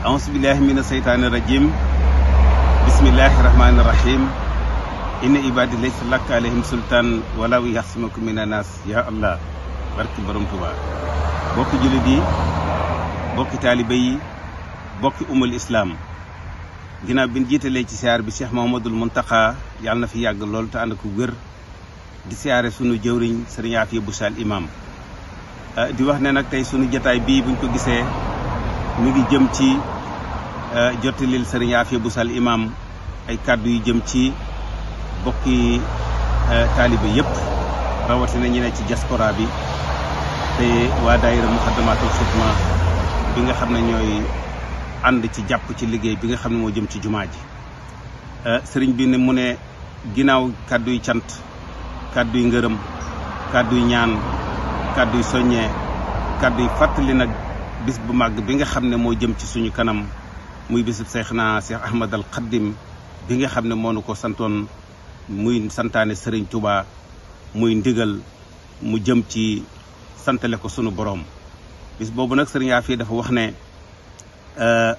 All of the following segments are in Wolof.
ahousubillahi min aseytaani rajim bismillahi rahmaani rahim inna ibadi laysa lak alayhim sultaan walaw yaxsimaku min anas ya allah barki borom bokki jullit yi bokki taalibe yi bokki umul islaam ginnaaw bi jiitalee ci siyaar bi Cheikh Mouhamadoul Mountakha yàlla na fi yàgg loolu te ànd ko wér di siyaare sunu jëwriñ sëriñ Afia Bouchal imam ah, di wax ne nag tey sunu jataay bii buñ ko gisee mi ngi jëm ci eh, jottalil sëriñ Afia bu sal ay kàddu yu jëm ci bokki eh, taalibe yëpp rawatina ñi ne ci diaspora bi te waa daayira Muxaddamatul Xidma bi nga xam ne ñooy ànd ci jàpp ci liggéey bi nga xam ne moo jëm ci jumaa ji eh, sëriñ bi ne mu ne ginnaaw kàddu yu cant kàddu yu ngërëm kàddu yu ñaan kàddu yu soññee kàddu fàttali nag bis bu màgg bi nga xam ne moo jëm ci suñu kanam muy bisub seex naa seex Ahmad al Xaddim bi nga xam ne moo nu ko santoon muy santaane sëriñ Touba muy ndigal mu jëm ci santale ko sunu borom bis boobu nag Serigne yaa fii dafa wax ne euh,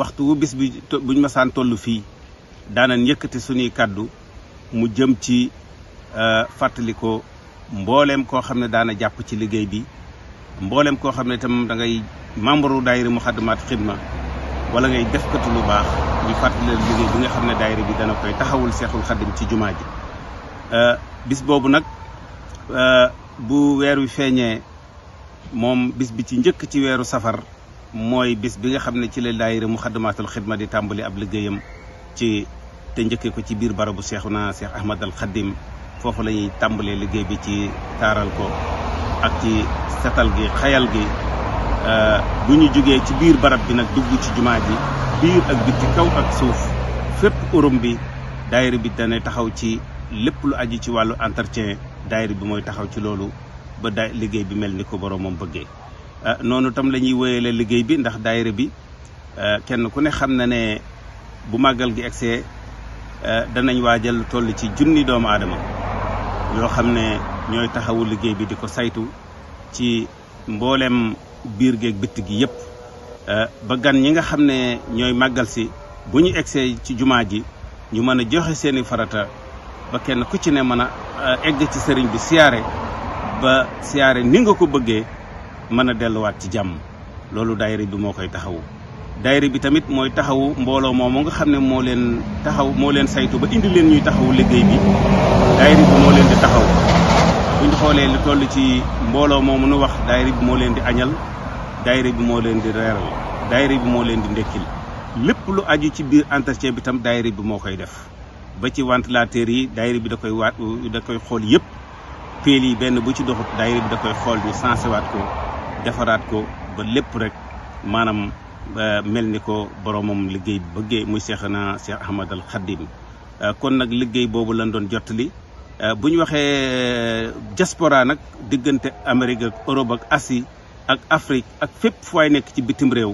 waxtu wu bis bi buñ masaan toll fii daanañ yëkkati suñuy kàddu mu jëm ci euh, fàttali ko mboolem koo xam ne daana jàpp ci liggéey bi mboolem koo xam ne itam da ngay membre daayira Muxaddamatul Xidma wala ngay defkatu lu baax ñu fàttali leen liggéey bi nga xam ne daayira bi dana koy taxawul Seexul Xaddim ci jumaa ji euh, bis boobu nag euh, bu weer wi feeñee moom bis bi ci njëkk ci weeru safar mooy bis bi nga xam ne ci la daayira Muxaddamatul Xidma di tàmbali ab liggéeyam ci te njëkkee ko ci biir barabu seexu Seexuna Seex Ahmad al Xaddim foofu la ñuy tàmbalee liggéey bi ci taaral ko ak ci setal gi xayal gi euh, bu ñu jógee ci biir barab bi nag dugg ci jumaa ji biir ak biti kaw ak suuf fépp urum bi dayre bi dana taxaw ci lépp lu aju ci wàllu entretien daayira bi mooy taxaw ci loolu ba da liggéey bi mel ni ko boroomam bëggee euh, noonu tam la ñuy wéyale liggéey bi ndax daayira bi euh, kenn ku ne xam na ne bu màggal gi egsee danañ waa waajal toll ci junni doomu aadama yoo xam ne ñooy taxawu liggéey bi di ko saytu ci mbooleem biir géej bitt gi yépp eh, ba gan ñi nga xam ne ñooy màggal si bu ñu egsee ci jumaa ji ñu mën a joxe seeni farata ba kenn ku ci ne mën a eh, egg ci sëriñ bi siyaare ba siyaare ni nga ko bëggee mën a delluwaat ci jàmm loolu daayira bi moo koy taxawu daayira bi tamit mooy taxawu mbooloo moomu nga xam ne moo leen taxaw moo leen saytu ba indi leen ñuy taxawu liggéey bi daayira bi moo leen di taxaw bu ñu xoolee lu toll ci mbooloo moomu nu wax daayira bi moo leen di añal daayira bi moo leen di reeral dayre bi moo leen di ndekkil lépp lu aju ci biir entretien bi tam daayira bi moo koy def ba ci ventilateur yi dayre bi da koy waat da koy xool yëpp peel yi benn bu ci doxut daayira bi da koy xool ñu sensé waat ko defaraat ko ba lépp rek maanaam mel ni ko boromam liggéey bi bëggee muy seex na Seex Ahmad Xaddim kon nag liggéey boobu lañ doon jottali Euh, bu ñu waxee euh, diaspora nag diggante Amérique ak Europe ak Asie ak Afrique ak fépp fooy nekk ci bitim réew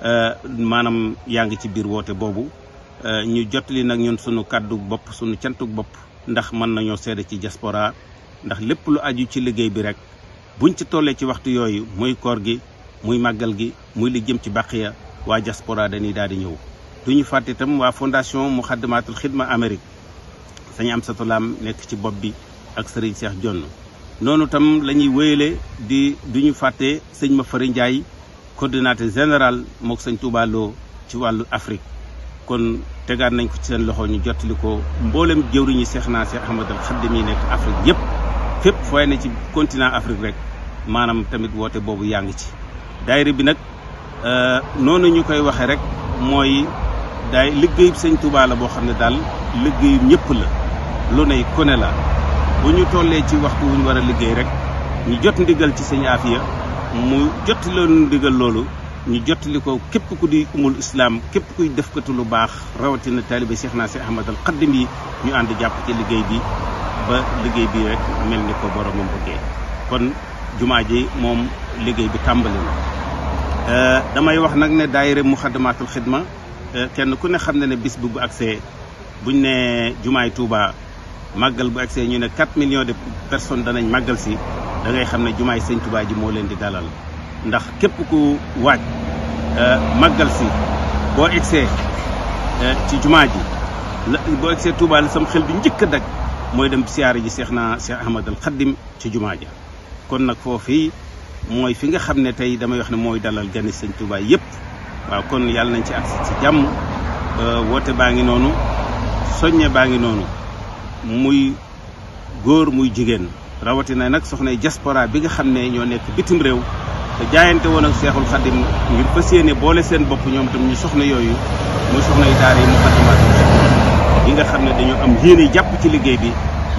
euh, maanaam yaa ngi ci biir woote boobu ñu jot jotali nag ñun sunu kàddu bopp sunu cantuk bopp ndax mën nañoo seede ci diaspora ndax lépp lu aju ci liggéey bi rek buñ ci tollee ci waxtu yooyu muy koor gi muy màggal gi muy li ci ci ya waa diaspora dañuy daal di ñëw duñu fàtte itam waa fondation Muxaddamaatul Xidma Amérique sañu am sa nekk ci bopp bi ak sëriñ Seex Jonn noonu tam la ñuy wéyale di du ñu fàtte sëñ ma fari Ndiaye coordinateur général mook sëñ Touba ci wàllu Afrique kon tegaat nañ ko ci seen loxo ñu jottali ko mboolem jëwriñu Seex naa Seex Ahmadul Xaadim yi nekk Afrique yépp fépp fooy ne ci continent Afrique rek maanaam tamit woote boobu yaa ngi ci daayira bi nag euh, noonu ñu koy waxee rek mooy daay liggéeyub sëñ Touba boo xam ne daal liggéeyub ñëpp la lu ne ku ne la bu ñu tollee ci waxtu wuñ war a liggéey rek ñu jot ndigal ci sëñ Afia mu jot leen ndigal loolu ñu jotali ko képp ku di umul islaam képp kuy defkatu lu baax rawatina taalibe Cheikh naa si Ahmad al Xaddim yi ñu ànd jàpp ci liggéey bi ba liggéey bii rek mel ni ko boromam bëggee kon jumaa ji moom liggéey bi tàmbali na euh, damay wax nag ne daayira Muxaddamaatul Xidma euh, kenn ku ne xam ne ne bis bu bu agsee buñ ne jumaay tuuba màggal bu agsee ñu ne 4 millions de personnes danañ màggal si dangay xam ne jumaay sëñ Tuubaa ji moo leen di dalal ndax képp ku waaj euh, màggal si boo agsee euh, ci jumaa ji la boo agsee Tuubaa la sam xel bi njëkk a dagg mooy dem siyaare ji seex naa Seex Ahmadal Xaddim ci jumaa ja kon nag foofii mooy fi nga xam ne tey damay wax ne mooy dalal gani sëñ Tuubaa yépp waaw kon yàlla nañ ci agsi ci jàmm euh, woote baa ngi noonu soññe baa ngi noonu muy góor muy jigéen rawatina nag soxna diaspora bi nga xam ne ñoo nekk bitim réew te jaayante woon ak seexul xadim ngir fas yéene boole seen bopp ñoom tam ñu soxna yooyu muy soxna yu daara yi mu xadimaat yi nga xam ne dañoo am yéene jàpp ci liggéey bi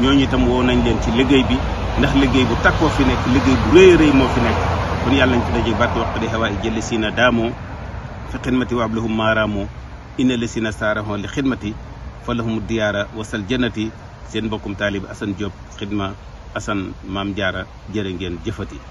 ñooñu tam woo nañ leen ci liggéey bi ndax liggéey bu takkoo fi nekk liggéey bu rëy rëy moo fi nekk kon yàlla nañ ci daje bàtt waxtu di xewaa yi jële siina daamoo fi xidmati wa ablahum maaraamoo inna la siina saaraxoon li xidmati fa seen mbokkum taalib Assane Diop xidma Assane Maam Jaara jërë ngeen jëfati